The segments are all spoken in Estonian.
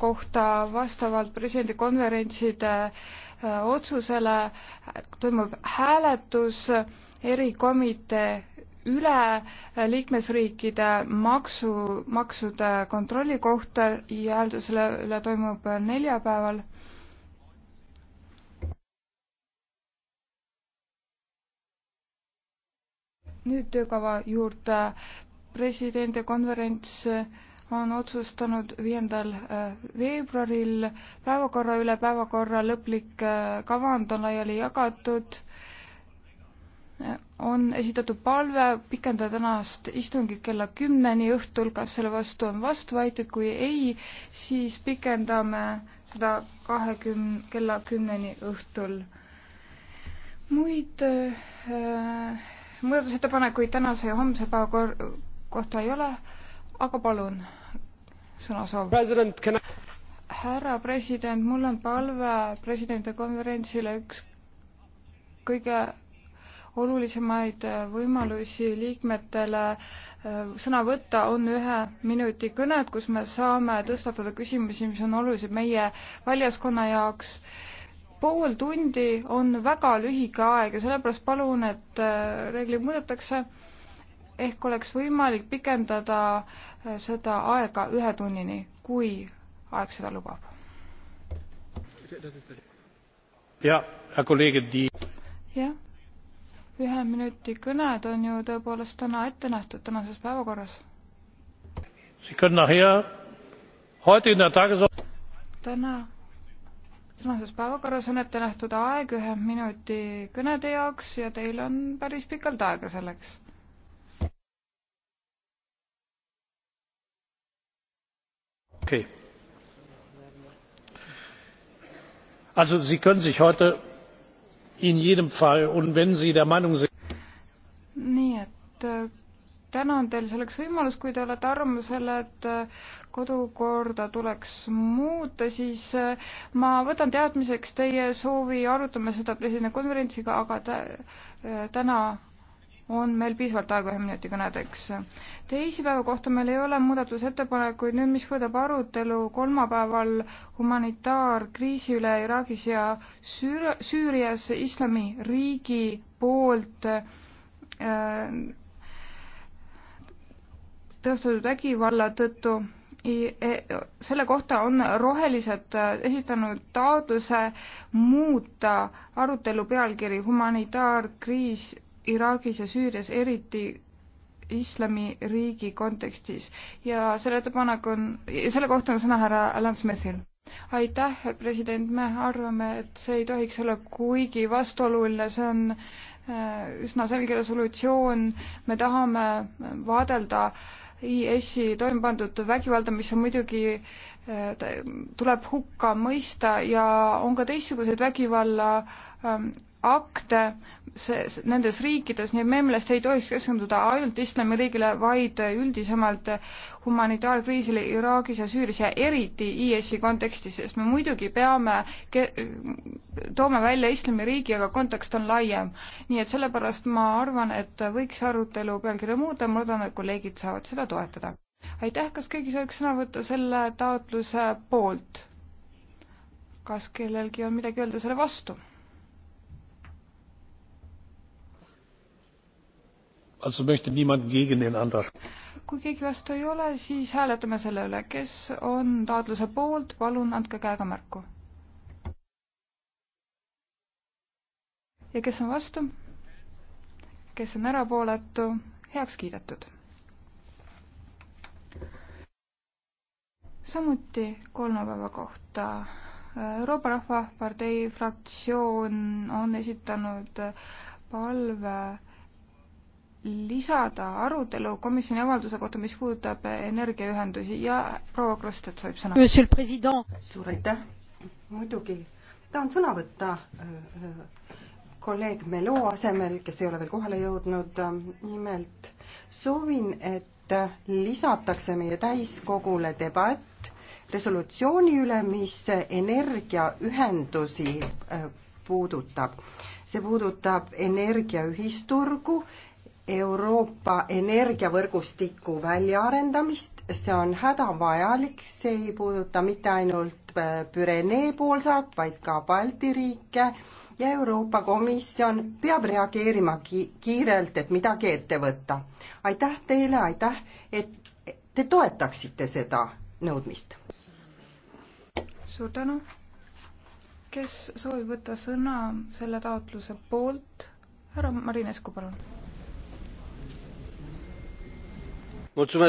kohta vastavalt presidendikonverentside äh, otsusele toimub hääletus erikomitee üle äh, liikmesriikide maksu, maksude kontrolli kohta ja hääldus selle üle toimub neljapäeval. nüüd töökava juurde presidendi konverents on otsustanud viiendal äh, veebruaril päevakorra üle, päevakorra lõplik äh, kavand on laiali jagatud, äh, on esitatud palve pikendada tänast istungit kella kümneni õhtul, kas selle vastu on vastu võetud, kui ei, siis pikendame seda kahekümne, kella kümneni õhtul. muid äh, muudatusettepanekuid tänase ja homse päeva kohta ei ole, aga palun sõnasoov. härra president, mul on palve presidentide konverentsile üks kõige olulisemaid äh, võimalusi liikmetele äh, sõna võtta on ühe minuti kõned, kus me saame tõstatada küsimusi, mis on olulised meie valijaskonna jaoks. pool tundi on väga lühike aeg ja sellepärast palun, et äh, reegleid muudetakse ehk oleks võimalik pikendada äh, seda aega ühe tunnini, kui aeg seda lubab. jah, ühe minuti kõned on ju tõepoolest täna ette nähtud tänases päevakorras. täna tänases päevakorras on ette nähtud aeg ühe minuti kõnede jaoks ja teil on päris pikalt aega selleks okay. also sie können sich heute in jedem fall und wenn sie der meinung sind nii et äh, täna on teil selleks võimalus, kui te olete arvamusel, et äh, kodukorda tuleks muuta, siis äh, ma võtan teadmiseks teie soovi, arutame seda presidendi konverentsiga, aga tä, täna on meil piisavalt aega ühe minuti kõnedeks. teisipäeva kohta meil ei ole muudatusettepanekuid, nüüd mis puudutab arutelu kolmapäeval humanitaarkriisi üle Iraagis ja Süür-, Süürias islamiriigi poolt äh, tõestatud vägivalla tõttu e, selle kohta on rohelised äh, esitanud taotluse muuta arutelu pealkiri humanitaarkriis Iraagis ja Süürias, eriti islamiriigi kontekstis. ja selle ettepanek on, selle kohta on sõna härra Alan Smithil. aitäh, president, me arvame, et see ei tohiks olla kuigi vastuoluline, see on äh, üsna selge resolutsioon, me tahame vaadelda IS-i toime pandud vägivalda, mis on muidugi, äh, tuleb hukka mõista ja on ka teistsuguseid vägivalla äh, Ähm, akte see, nendes riikides, nii et meie meelest ei tohiks keskenduda ainult islamiriigile, vaid üldisemalt humanitaarkriisile Iraagis ja Süürias ja eriti IS-i kontekstis, sest me muidugi peame, toome välja islamiriigi, aga kontekst on laiem. nii et sellepärast ma arvan, et võiks arutelu pealkirja muuta, ma loodan, et kolleegid saavad seda toetada. aitäh, kas keegi sooviks sõna võtta selle taotluse poolt? kas kellelgi on midagi öelda selle vastu? Also möchte niemand gegen den Antrag. kui keegi vastu ei ole, siis hääletame selle üle, kes on taotluse poolt, palun andke käega märku. ja kes on vastu? kes on erapooletu? heaks kiidetud. samuti kolmapäeva kohta Euroopa Rahvapartei fraktsioon on esitanud palve lisada arutelu komisjoni avalduse kohta, mis puudutab energiaühendusi ja proua Krustet soovib sõna. suur aitäh, muidugi tahan sõna võtta äh, äh, kolleeg Melo asemel, kes ei ole veel kohale jõudnud, nimelt soovin, et lisatakse meie täiskogule debatt resolutsiooni üle, mis energiaühendusi äh, puudutab see puudutab energiaühisturgu Euroopa energiavõrgustiku väljaarendamist, see on hädavajalik, see ei puuduta mitte ainult äh, Pürenee poolsaart, vaid ka Balti riike ja Euroopa Komisjon peab reageerima ki kiirelt, et midagi ette võtta. aitäh teile, aitäh, et te toetaksite seda nõudmist. suur tänu. kes soovib võtta sõna selle taotluse poolt? härra Marinescu, palun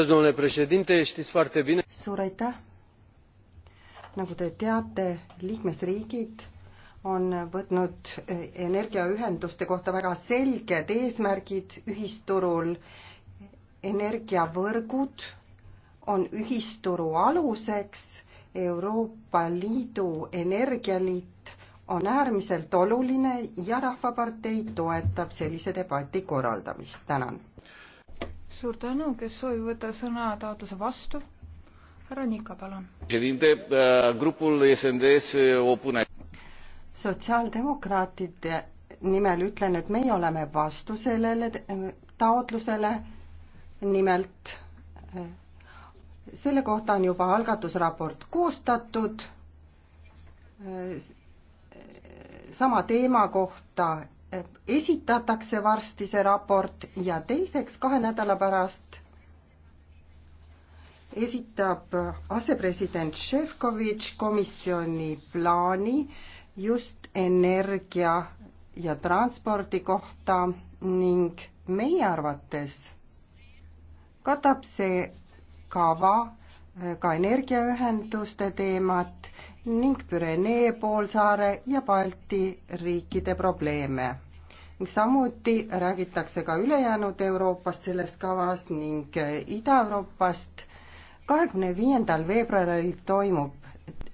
domnule președinte știți foarte bine. suur aitäh! nagu te teate, liikmesriigid on võtnud eh, energiaühenduste kohta väga selged eesmärgid ühisturul. energiavõrgud on ühisturu aluseks. Euroopa Liidu Energialiit on äärmiselt oluline ja Rahvapartei toetab sellise debati korraldamist. tänan suur tänu, kes soovib võtta sõna taotluse vastu? härra Nika, palun. Eh, sotsiaaldemokraatide nimel ütlen, et meie oleme vastu sellele eh, taotlusele. nimelt eh, selle kohta on juba algatusraport koostatud sama teema kohta esitatakse varsti see raport ja teiseks kahe nädala pärast esitab asepresident Šefkovitš komisjoni plaani just energia ja transpordi kohta ning meie arvates katab see kava ka energiaühenduste teemat ning Pürenee poolsaare ja Balti riikide probleeme. samuti räägitakse ka ülejäänud Euroopast selles kavas ning Ida-Euroopast. kahekümne viiendal veebruaril toimub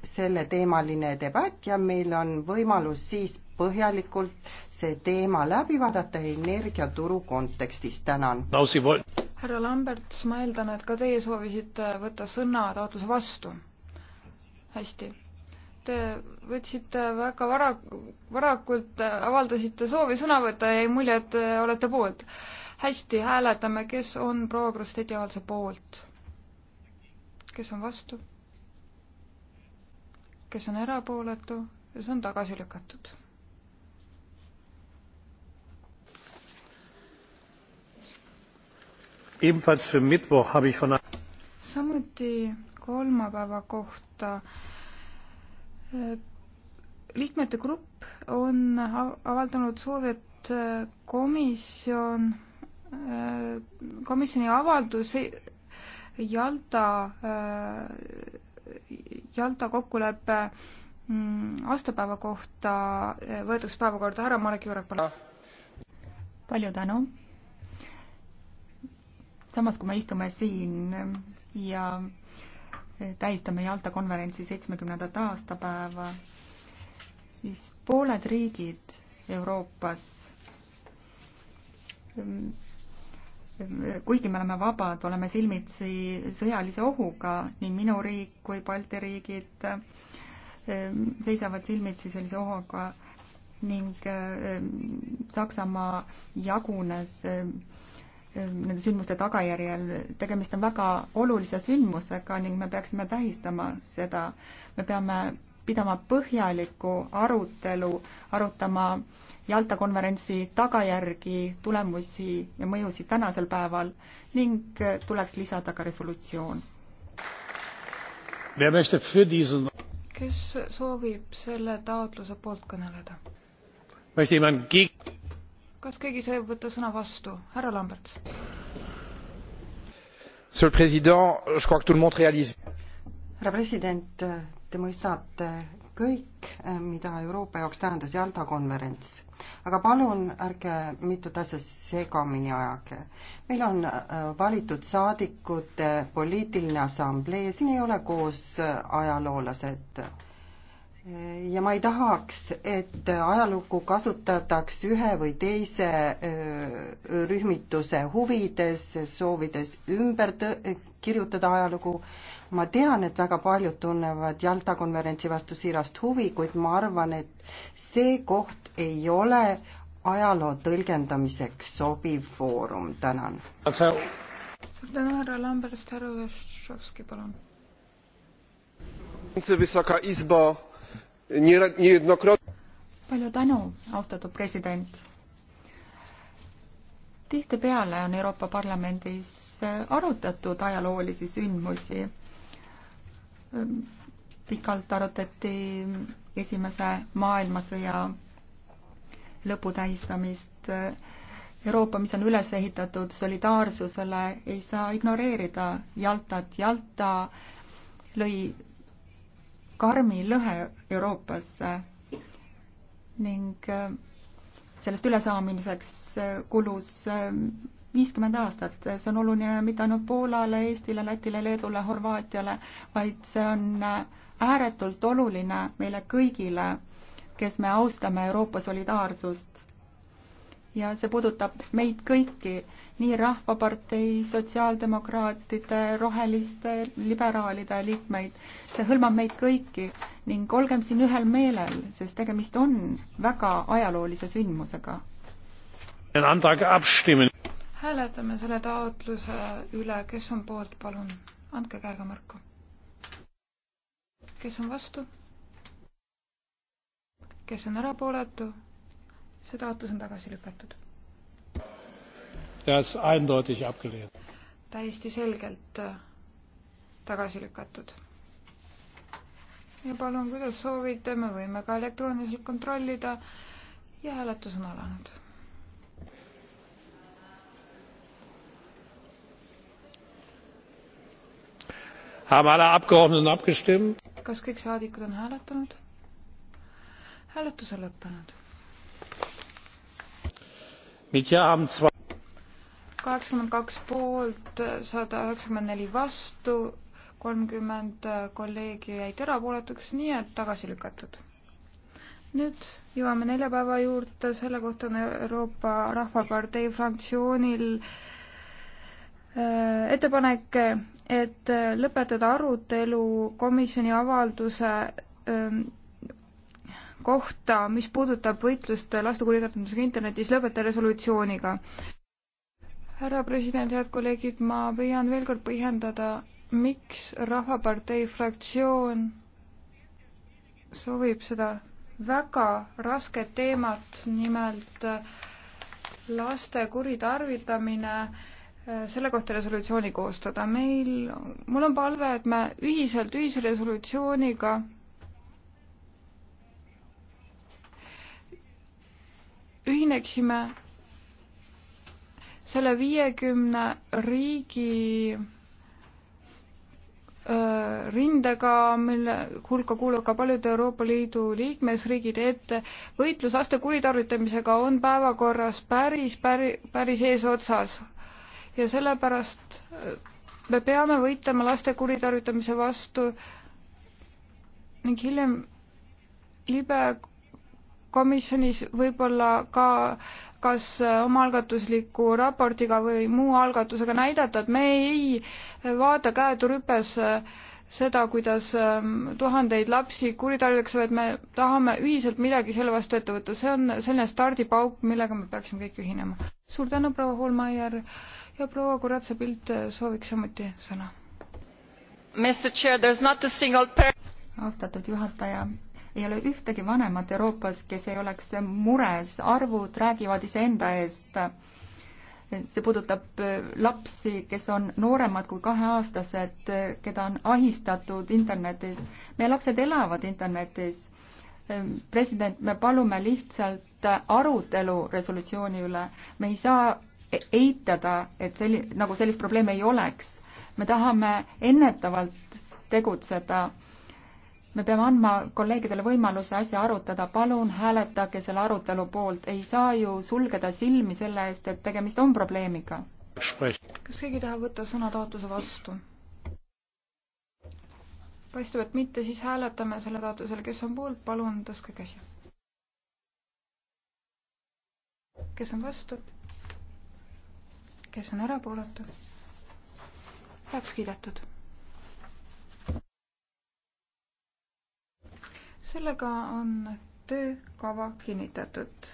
selleteemaline debatt ja meil on võimalus siis põhjalikult see teema läbi vaadata energiaturu kontekstis. tänan härra Lamberts, ma eeldan, et ka teie soovisite võtta sõna taotluse vastu. hästi. Te võtsite väga vara, varakult, äh, avaldasite soovi sõna võtta ja jäi mulje, et te äh, olete poolt. hästi, hääletame, kes on proua Krusteti avalduse poolt? kes on vastu? kes on erapooletu? see on tagasi lükatud ebenfalls für Mittwoch habe ich von samuti kolmapäeva kohta liikmete grupp on avaldanud soovi, et äh, komisjon, äh, komisjoni avaldus Jalta, äh, Jalta kokkuleppe mm, aastapäeva kohta võetakse päevakorda ära. Marek Jurek, palun. palju tänu samas, kui me istume siin ja tähistame Jalta konverentsi seitsmekümnendat aastapäeva, siis pooled riigid Euroopas, kuigi me oleme vabad, oleme silmitsi sõjalise ohuga, nii minu riik kui Balti riigid seisavad silmitsi sellise ohuga ning Saksamaa jagunes nende sündmuste tagajärjel. tegemist on väga olulise sündmusega ning me peaksime tähistama seda. me peame pidama põhjaliku arutelu, arutama Jalta konverentsi tagajärgi, tulemusi ja mõjusid tänasel päeval ning tuleks lisada ka resolutsioon. kes soovib selle taotluse poolt kõneleda? kas keegi soovib võtta sõna vastu? härra Lambert. härra president, te mõistate kõik, mida Euroopa jaoks tähendas Jalta konverents. aga palun ärge mitut asja segamini ajage. meil on äh, valitud saadikute poliitiline assamblee, siin ei ole koos äh, ajaloolased ja ma ei tahaks, et ajalugu kasutataks ühe või teise rühmituse huvides, soovides ümber kirjutada ajalugu. ma tean, et väga paljud tunnevad Jalta konverentsi vastu siirast huvi, kuid ma arvan, et see koht ei ole ajaloo tõlgendamiseks sobiv foorum. tänan. suur tänu, härra Lambert, härra Vešovski, palun. Wysoka Izbo palju tänu, austatud president. tihtipeale on Euroopa Parlamendis arutatud ajaloolisi sündmusi. pikalt arutati Esimese maailmasõja lõpu tähistamist. Euroopa, mis on üles ehitatud solidaarsusele, ei saa ignoreerida Jaltat. Jalta lõi karmi lõhe Euroopas eh, ning eh, sellest ülesaamiseks eh, kulus viiskümmend aastat, see on oluline mitte ainult Poolale, Eestile, Lätile, Leedule, Horvaatiale, vaid see on ääretult oluline meile kõigile, kes me austame Euroopa solidaarsust ja see puudutab meid kõiki, nii Rahvapartei, sotsiaaldemokraatide, roheliste, liberaalide liikmeid. see hõlmab meid kõiki ning olgem siin ühel meelel, sest tegemist on väga ajaloolise sündmusega. hääletame selle taotluse üle, kes on poolt, palun andke käega märku. kes on vastu? kes on erapooletu? see taotlus on tagasi lükatud. täiesti selgelt äh, tagasi lükatud. ja palun, kuidas soovite, me võime ka elektrooniliselt kontrollida ja hääletus on alanud haben alle abgeordneten abgestimmt? kas kõik saadikud on hääletanud? hääletus on lõppenud kaheksakümmend kaks poolt, sada üheksakümmend neli vastu, kolmkümmend äh, kolleegi jäid erapooletuks, nii et tagasi lükatud. nüüd jõuame neljapäeva juurde, selle kohta on Euroopa Rahvapartei fraktsioonil äh, ettepanek, et äh, lõpetada arutelu komisjoni avalduse ähm, kohta, mis puudutab võitlust laste kuritarvitamisega internetis, lõpeta resolutsiooniga. härra president, head kolleegid, ma püüan veel kord põhjendada, miks Rahvapartei fraktsioon soovib seda väga rasket teemat, nimelt laste kuritarvitamine, selle kohta resolutsiooni koostada. meil, mul on palve, et me ühiselt ühisresolutsiooniga ühineksime selle viiekümne riigi rindega, mille hulka kuulub ka paljud Euroopa Liidu liikmesriigid, et võitlus laste kuritarvitamisega on päevakorras päris, päris, päris eesotsas. ja sellepärast me peame võitlema laste kuritarvitamise vastu ning hiljem libe komisjonis võib-olla ka kas omaalgatusliku raportiga või muu algatusega näidata, et me ei vaata käed rüpes seda, kuidas ähm, tuhandeid lapsi kuritarvitakse, vaid me tahame ühiselt midagi selle vastu ette võtta. see on selline stardipauk, millega me peaksime kõik ühinema. suur tänu, proua Holmeier ja proua Kuratsa Pilt äh, sooviks samuti sõna. austatud juhataja ei ole ühtegi vanemat Euroopas, kes ei oleks mures, arvud räägivad iseenda eest. see puudutab lapsi, kes on nooremad kui kaheaastased, keda on ahistatud internetis. meie lapsed elavad internetis. president, me palume lihtsalt arutelu resolutsiooni üle, me ei saa eitada, et selli-, nagu sellist probleemi ei oleks. me tahame ennetavalt tegutseda me peame andma kolleegidele võimaluse asja arutada, palun hääletage selle arutelu poolt, ei saa ju sulgeda silmi selle eest, et tegemist on probleemiga. kas keegi tahab võtta sõna taotluse vastu? paistab, et mitte, siis hääletame selle taotlusele, kes on poolt, palun tõstke käsi. kes on vastu? kes on erapooletu? heaks kiidetud sellega on töökava kinnitatud.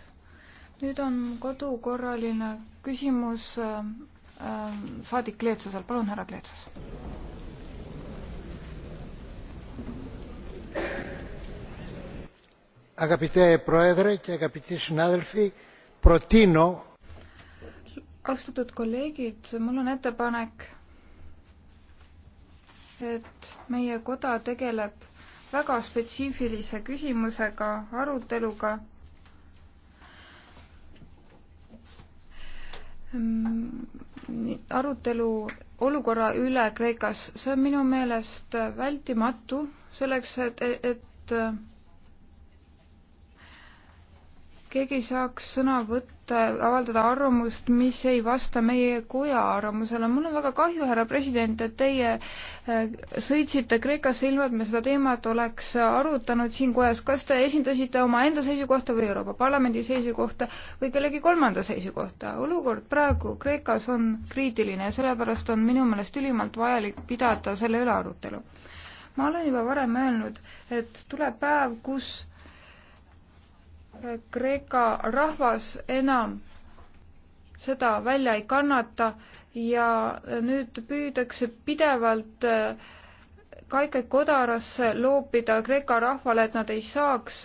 nüüd on kodukorraline küsimus äh, saadik Kleetsusel, palun härra Kleetsus. austatud kolleegid, mul on ettepanek, et meie koda tegeleb väga spetsiifilise küsimusega, aruteluga. Mm, arutelu olukorra üle Kreekas, see on minu meelest vältimatu selleks, et, et keegi saaks sõna võtta, avaldada arvamust, mis ei vasta meie koja arvamusele. mul on väga kahju, härra president, et teie äh, sõitsite Kreekasse ilma, et me seda teemat oleks arutanud siin kojas. kas te esindasite omaenda seisukohta või Euroopa Parlamendi seisukohta või kellegi kolmanda seisukohta? olukord praegu Kreekas on kriitiline ja sellepärast on minu meelest ülimalt vajalik pidada selle üle arutelu. ma olen juba varem öelnud, et tuleb päev, kus Kreeka rahvas enam seda välja ei kannata ja nüüd püüdakse pidevalt eh, kaikaid kodarasse loopida Kreeka rahvale, et nad ei saaks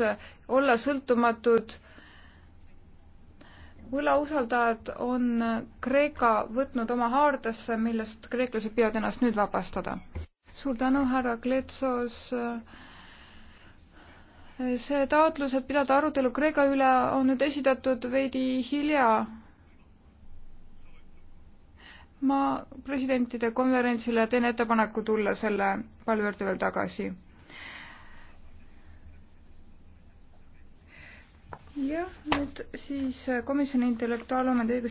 olla sõltumatud. võlausaldajad on Kreeka võtnud oma haardesse, millest kreeklased püüavad ennast nüüd vabastada. suur tänu, härra Kletsos äh, see taotlus, et pidada arutelu Kreeka üle, on nüüd esitatud veidi hilja. ma presidentide konverentsile teen ettepaneku tulla selle palve juurde veel tagasi. jah, nüüd siis komisjoni intellektuaalomandi õigus